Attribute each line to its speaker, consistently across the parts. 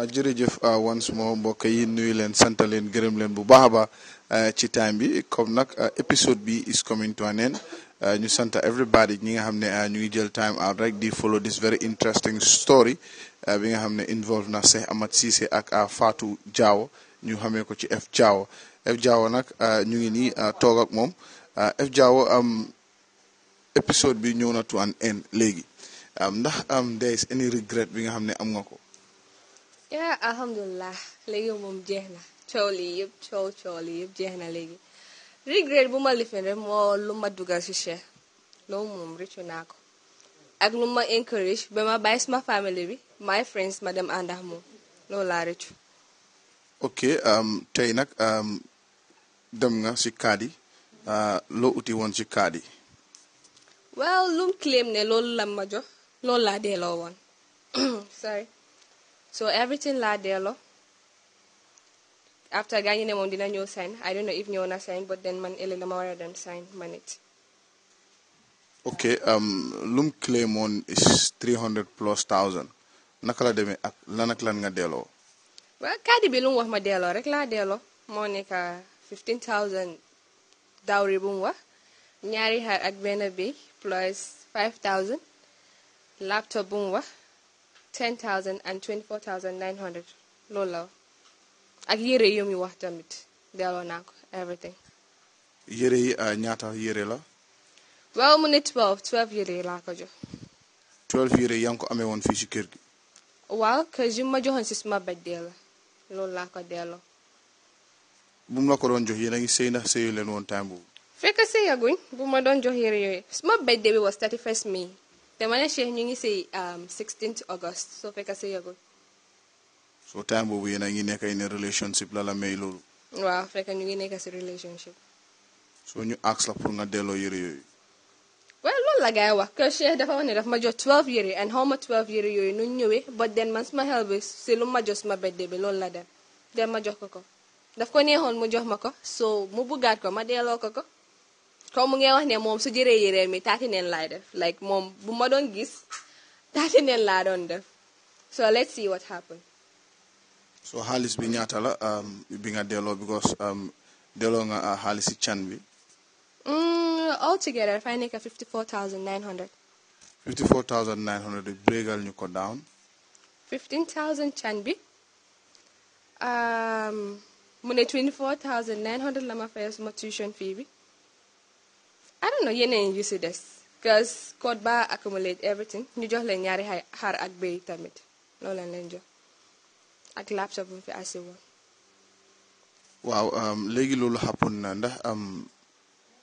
Speaker 1: Ah, jërëjëf ah, once more mbokk yi nuyu leen sant leen gërëm leen bu baax a ah, ci time bi comme nag épisode bi is coming to an end ñu sant everybody ñi nga xam ne ñu ngi jël time out rek di follow this very interesting story bi nga xam ne involve na Cheikh Amat Ceesay ak faatu Jawo ñu xamee ko ci F Jawo F Jawo nag ñu ngi nii toog ak moom F Jawo épisode bi ñëw na to an end léegi ndax there is any regret bi nga xam ne am nga ko
Speaker 2: yaa alhamdulilah léegi moom jeex na coow lii yëpp coow coow lii yëpp jeex na léegi regret bu ma lifin rek moo lu ma dugal si Cheikh loolu moom rëccu naa ko ak lu ma encourage ba ma bàyyi sama famille bi my friends ma dem ànd ak moom loolu laa rëccu
Speaker 1: ok tey nag dem nga si kaadi ah, loo uti woon si kaadi
Speaker 2: waaw lu claim ne loolu la ma jox loolu laa delloo woon so everything la delloo after gaa ñu ne moom dina ñëw sign I don't know if ñëw na sign but then man ëllëg dama war a dem sign man it.
Speaker 1: ok um, lum claim on is 300 plus thousand naka la demee ak lan lan nga delloo.
Speaker 2: waaw kaadi bi lu wax ma delloo rek laa delloo moo nekk 15000 dawri bu mu wax ñaari xar ak benn bi plus 5000 laptop bu wax. ten thousand and twenty four thousand nine hundred loolu la ak yére yu mu wax tamit delloo naa ko everything.
Speaker 1: yére yi ah, ñaata yére la.
Speaker 2: waaw mu ne twelve twelve yére laa ko jox.
Speaker 1: twelve yére yaa ngi ko fii si kër gi.
Speaker 2: waaw kër ma joxoon si suma birthday la loolu laa ko delloo.
Speaker 1: bu la ko doon jox yéen a ngi sëy ndax sëyu leen
Speaker 2: ma doon jox yére suma birthday bi was thirty first May. te Malaysia ñu ngi um, si 16 August soo fekk si yëgul.
Speaker 1: so time boobu yéen a ngi nekk in relationship la la may loolu.
Speaker 2: waaw fekk ñu ngi nekk si relationship.
Speaker 1: so ñu ask la pour nga delloo yëre yooyu.
Speaker 2: waaw loolu la gars yi wax que Cheikh dafa wax ne daf ma jox yére yëre and xaw ma 12 yëre yooyu nu ñëwee ba den man suma xel bi si lu ma jox suma bedde bi loolu la dem dem ma jox ko ko daf ko neexoon mu jox ma ko so mu buggaat ko ma delloo ko ko. comme mu ngee ne moom su jëree yéree mi taati neen laay def like moom bu ma doon gis taati neen laa doon def so let's see what happen
Speaker 1: so xaalis bi ñaata la um, bi nga delloo because um, delloo nga uh, xaalis si can bi
Speaker 2: mm, all together dafay nekk 54900
Speaker 1: 54900 brégal ñu ko down
Speaker 2: bi um, mu ne 24900 la ma fay suma tuition fii bi I don't know yeneen yu si des because code ba accumulate everything ñu jox leen ñaari xar ak béy tamit loolu lañ leen jox ak laptop bu fi asi woon
Speaker 1: waaw um, léegi loolu xappun na ndax am um,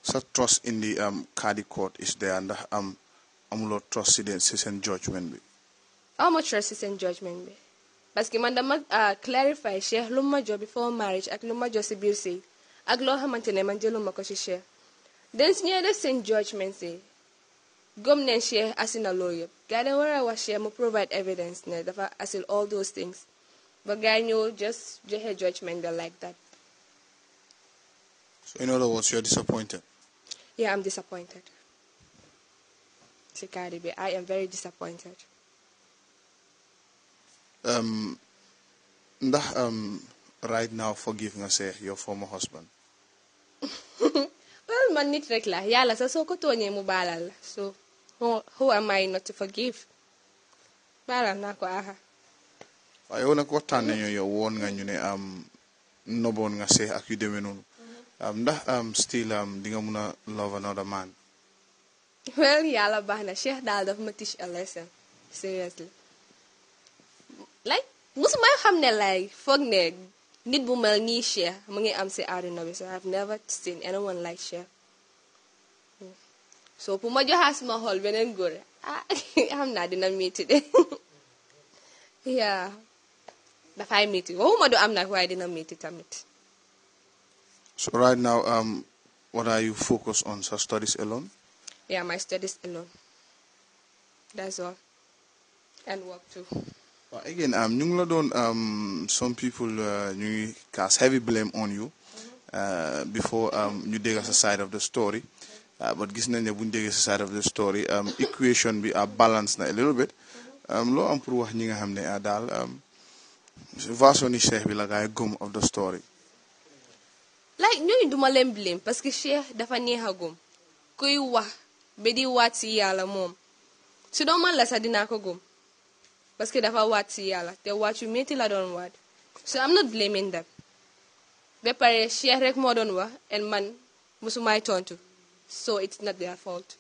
Speaker 1: sa trust indi the um, Kadi court is there ndax am amuloo trust si seen judgment bi
Speaker 2: awma trust si seen judgment bi parce que man dama uh, clarify Cheikh lu ma jox before marriage ak lu ma jox si biir sëy ak loo xamante ne man jëluma ko si Cheikh dañ ñee def seen judgement si gëm ne Cheikh asina loolu yëpp gars yi war a wax Cheikh mu provide evidence ne dafa asil all those things ba gars yi ñëw just judgement like that.
Speaker 1: so in other words you are disappointed.
Speaker 2: yeah I am very disappointed.
Speaker 1: Um, ndax um, right now forgive nga Cheikh former husband.
Speaker 2: loolu man nit rek la yàlla sax soo ko tooñee mu baalal la so who am I not to forgive baalal naa ko aha
Speaker 1: waaw yow nag waxtaan nañu yow nga ñu ne am noboon nga see ak yu demee noonu mhm. ndax am still am di nga mun a love another man
Speaker 2: well yàlla baax na Cheikh daal daf ma teach a lesson seriously like musuma xam ne lay foog ne nit bu mel nii Cheikh mu ngi am si àdduna so I've never seen anyone like Cheikh so pour ma xool beneen góor ah xam naa dina miiti de yaa dafay miiti waxuma du am nag waaye dina miiti tamit
Speaker 1: so right now um, what are you focused on sa studies alone
Speaker 2: yeah my studies alone that's all and work too
Speaker 1: again um, ñu ngi la doon um uh, ñu ngi cast heavy blame on you uh, um, dégg sa side of the story Ah, but gis nañ ne bu ñu déggee si side of the story um, equation bi ah, balance na a little bit um, loo am pour wax ñi nga xam ne ah, daal um, version ni Cheikh bi la gaay gëm of the story.
Speaker 2: like ñooñu duma leen blame parce que Cheikh dafa neex a gëm kuy wax ba di waat si yàlla moom si doon man la sax dinaa ko gëm parce que dafa waat si yàlla te waat yu métti la doon waat so I'm not blaming them ba pare Cheikh rek moo doon wax and man musumaay tontu. so it's not their fault.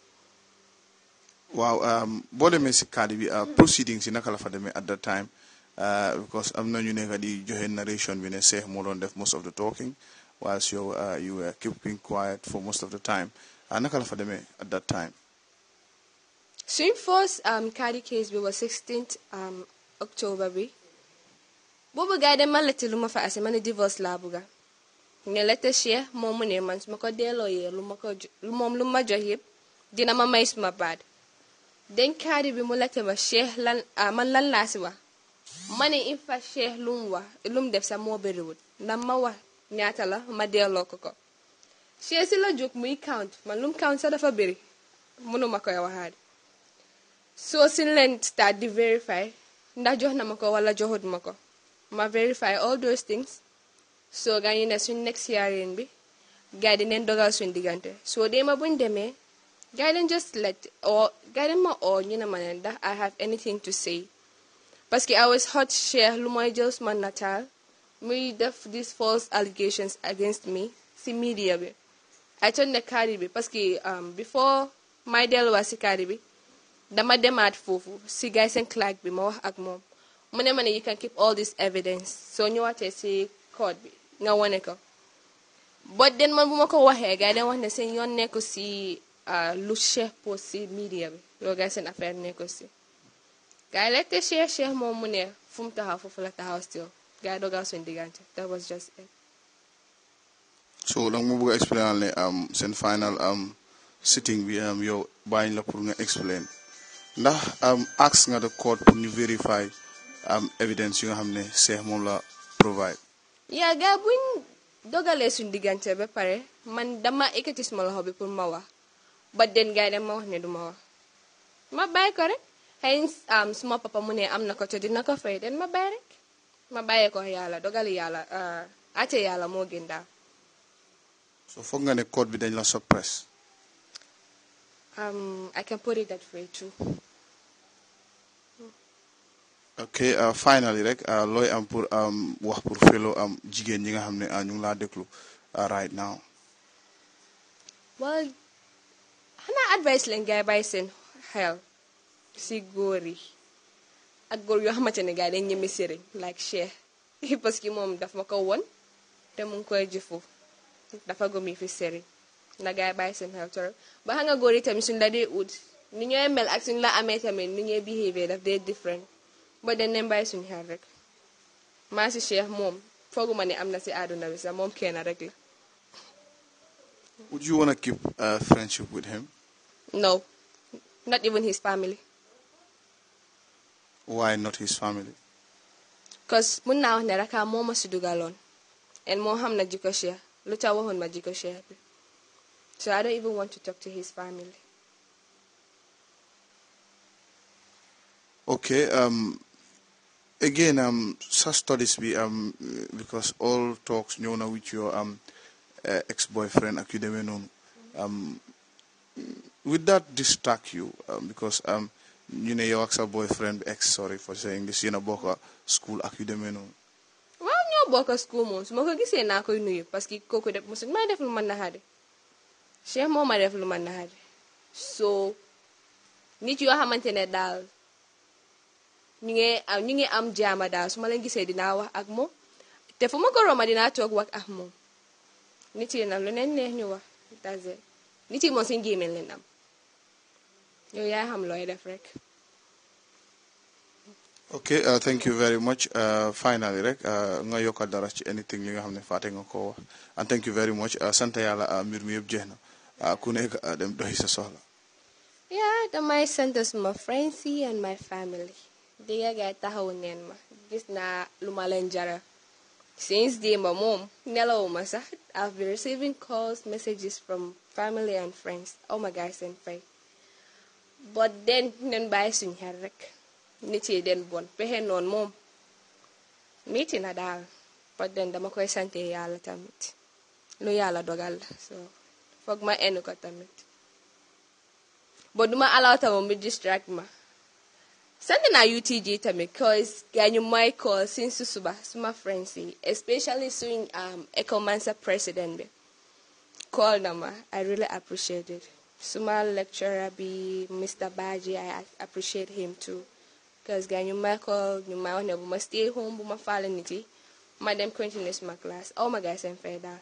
Speaker 1: waaw um, boo demee si kaadi bi uh, proceedings si naka la fa demee at that time uh, because am na ñu nekk di joxe narration bi ne Seex moo doon def most of the talking whilst yow uh, you were keeping quiet for most of the time naka la fa demee at that time.
Speaker 2: suñ first kaadi um, case bi was 16 um, October bi boobu gars yi de ma lette lu fa ase ma divorce laa ne lete cheikh moom mu ne man su ma ko dellooyee lu ma ko lu moom lu ma jox yëpp dina ma may suma baat denkaari bi mu lete ma cheikh lan man lan laasi si wax ma ne in fa wa lu mu def sa moo bëriwul ndax ma wax ñaata la ma delloo ko ko cheikh si la jóg muy count man lu mu count sax dafa bëri mënuma koy waxaat soo si leen start di verify ndax jox na ma ko wala joxut ma ko ma verify all those things soo gaa ñu ne suñ nekk si yaareen bi gaa yi dinañ dogal suñ diggante soo dee ma buñ demee gaa yi leen just let oo gaa yi ma oo ñu ne ma ne ndax I have anything to say parce que I was hot cheikh lu mooy jël suma nataal muy def these false allegations against me si media bi I told ne kaari bi parce que um, before may delluwaat si kaari bi dama demaat foofu si gaa yi bi ma wax ak moom mu ne ma can keep all this evidence soo ñëwaatee si code bi nga wane ko boo den man bu ma ko waxee gars yi dañ wax ne seen yoon nekku si euh, lu Cheikh post si media bi loolu gars seen affaire nekku si gars yi laajte moom mu ne fu mu taxaw foofu la taxaw still gars yi doogaa suñ diggante that was just it
Speaker 1: so donc mu bëgg a explain ne am um, seen final am um, sitting bi am um, yow bàyyiñ la pour nga explain ndax am nga the court pour ñu vérifier am evidence yu xam ne Cheikh moom la provide
Speaker 2: yaa gars buñ dogalee suñ diggante ba pare man dama ekkati suma loxo bi pour ma wax ba den gars yi dem ma wax ne du ma wax ma bàyyi ko rek xëy am suma papa mu ne am na ko te dina ko fay den ma bàyyi rek ma bàyyee ko yàlla dogali yàlla àtte ah, yàlla moo gën daal
Speaker 1: so foog nga ne code bi dañ la surprise
Speaker 2: um, I can put yi that way too
Speaker 1: ok euh, finally rek euh, looy am pour euh, wax pour fellow am jigéen ñi nga xam ne ñu ngi laa déglu right now.
Speaker 2: well xanaa advice leen gars yi bàyyi seen xel si góor yi ak góor yoo xamante ne gars yi dañ ñeme sëriñ like Cheikh parce que moom daf ma ko won te mu ngi koy jëfu dafa gëm yi fi sëriñ na gars yi bàyyi seen xel torop ba xam nga góor yi tamit suñ la dee ut ni ñooy mel ak suñ la amee tamit ni ñooy behavior daf dee different mooy dañ leen bàyyi suñu xel rek maasi Cheikh moom fooguma ne am na si àdduna bi sax moom kenn rek la.
Speaker 1: Would you want keep friendship with him?
Speaker 2: No, not even his family.
Speaker 1: Why not his family?
Speaker 2: Because mun naa wax ne rek moo ma si dugaloon and moo xam na jikko Cheikh lu tax waxoon ma jikko Cheikh bi so I don't even want to talk to his family.
Speaker 1: Okay, um, again um such studies bi um because all talks ñëw na with your um eh, ex boyfriend ak yu demee noonu um with that distract you um, because um, ñu ne yow ak sa boyfriend bi ex sorry for saying this yéen a bokk school ak yu demee noonu.
Speaker 2: waaw ñoo bokk school moom su ma ko gisee naa koy nuyu parce que kooku def mosul may def lu ma naxaade Cheikh nit yoo xamante ne daal. ñu ngi ah, ñu ngi am jaama daal su ma leen gisee dinaa wax ak moom te fu ma ko romb dinaa toog wax ak moom nit yi nag lu leen neex ñu wax tase nit yi moom seen gémmiñ leen am yow yaa xam looy def rek.
Speaker 1: ok uh, thank you very much uh, finally rek uh, nga yokkal dara ci anything li nga xam ne fàtte nga ko wax and thank you very much sant yàlla mbir mi yëpp jeex na ku nekk dem doxi sa soxla.
Speaker 2: yeah damay sant suma friends yi and my family. dégg gaay taxawu neen ma gis naa lu ma leen jara since démba moom nelawuma sax I've been receiving calls messages from family and friends aw ma gaay seen fay but den nen bàyyi suñ xel rek nit yi den bon pexe noonu moom miti na daal but den dama koy sante yàlla tamit lu yàlla dogal la so foog ma enn ko tamit ba duma alawta moom bi distract ma sending na tamit to me because Ganyu Michael since Susuba, Suma Frenzy, especially soon um Ecomancer president be. Call Nama, uh, I really appreciate it. Suma lecturer be Mr. Baji, I appreciate him too. Because Ganyu Michael, you my honor, but stay home, but my fallen nitty. Madam continues my class. All oh my guys and fed out.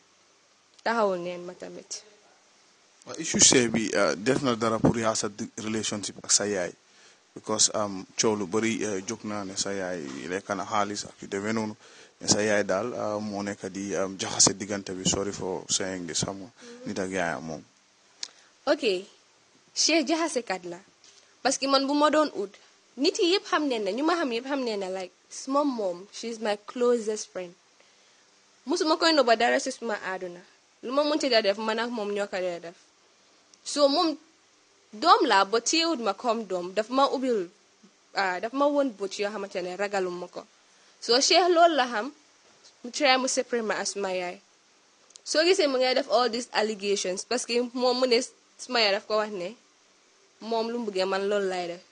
Speaker 2: That's how we end
Speaker 1: matamit. Issue say uh, because am um, coow lu bëri eh, jóg naa ne sa yaay lekk na xaalis ak yu demee noonu ne sa yaay daal eh, moo nekk di eh, jaxase diggante bi sorry for saying this xam nit ak yaayam moom.
Speaker 2: ok Cheikh jaxasekat la parce que man bu ma doon ut nit yi yëpp xam ne ne ñu ma xam yëpp xam ne ne like suma moom she is my closest friend musuma koy nëbba dara si suma àdduna lu ma munti da def man moom ñoo ko def so moom doom laa ba wut ma comme doom daf ma ubbil ah, daf ma woon bët yoo xamante ne ragalum ma ko soo Cheikh loolu la xam mu try mu séparé ma ak suma yaay soo gisee mu ngay def all these allegations parce que moom mu ne suma yaay daf ko wax ne moom lu mu bëggee man loolu lay def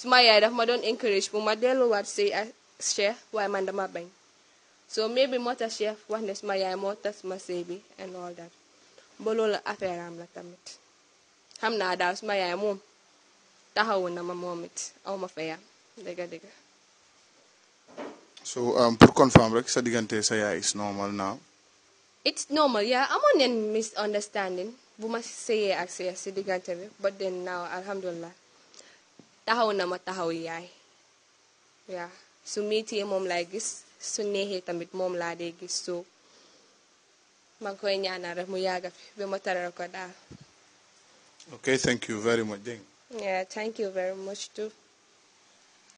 Speaker 2: suma yaay daf ma doon encourage bu ma delluwaat sëy ak Cheikh waaye man dama bañ so maybe moo tax Cheikh wax ne suma yaay moo tax suma sëy bi and all that ba loolu affaire am la tamit xam naa daal suma yaay moom taxawu na ma moom it aw ma fayam dëgg
Speaker 1: um, pour confirm rek sa diggante sa yaay is normal now
Speaker 2: it's normal yaa amoon neen misunderstanding bu ma sëyee ak sëy si diggante bi but then now alhamdulilah taxaw na ma taxaw yaay yaa su métier moom laay gis su neexee tamit moom laa dee gis so ma ngi koy ñaanal rek mu yàgga fi ba ma taral ko daal
Speaker 1: Okay, thank you very much.
Speaker 2: Yeah, thank you very much too.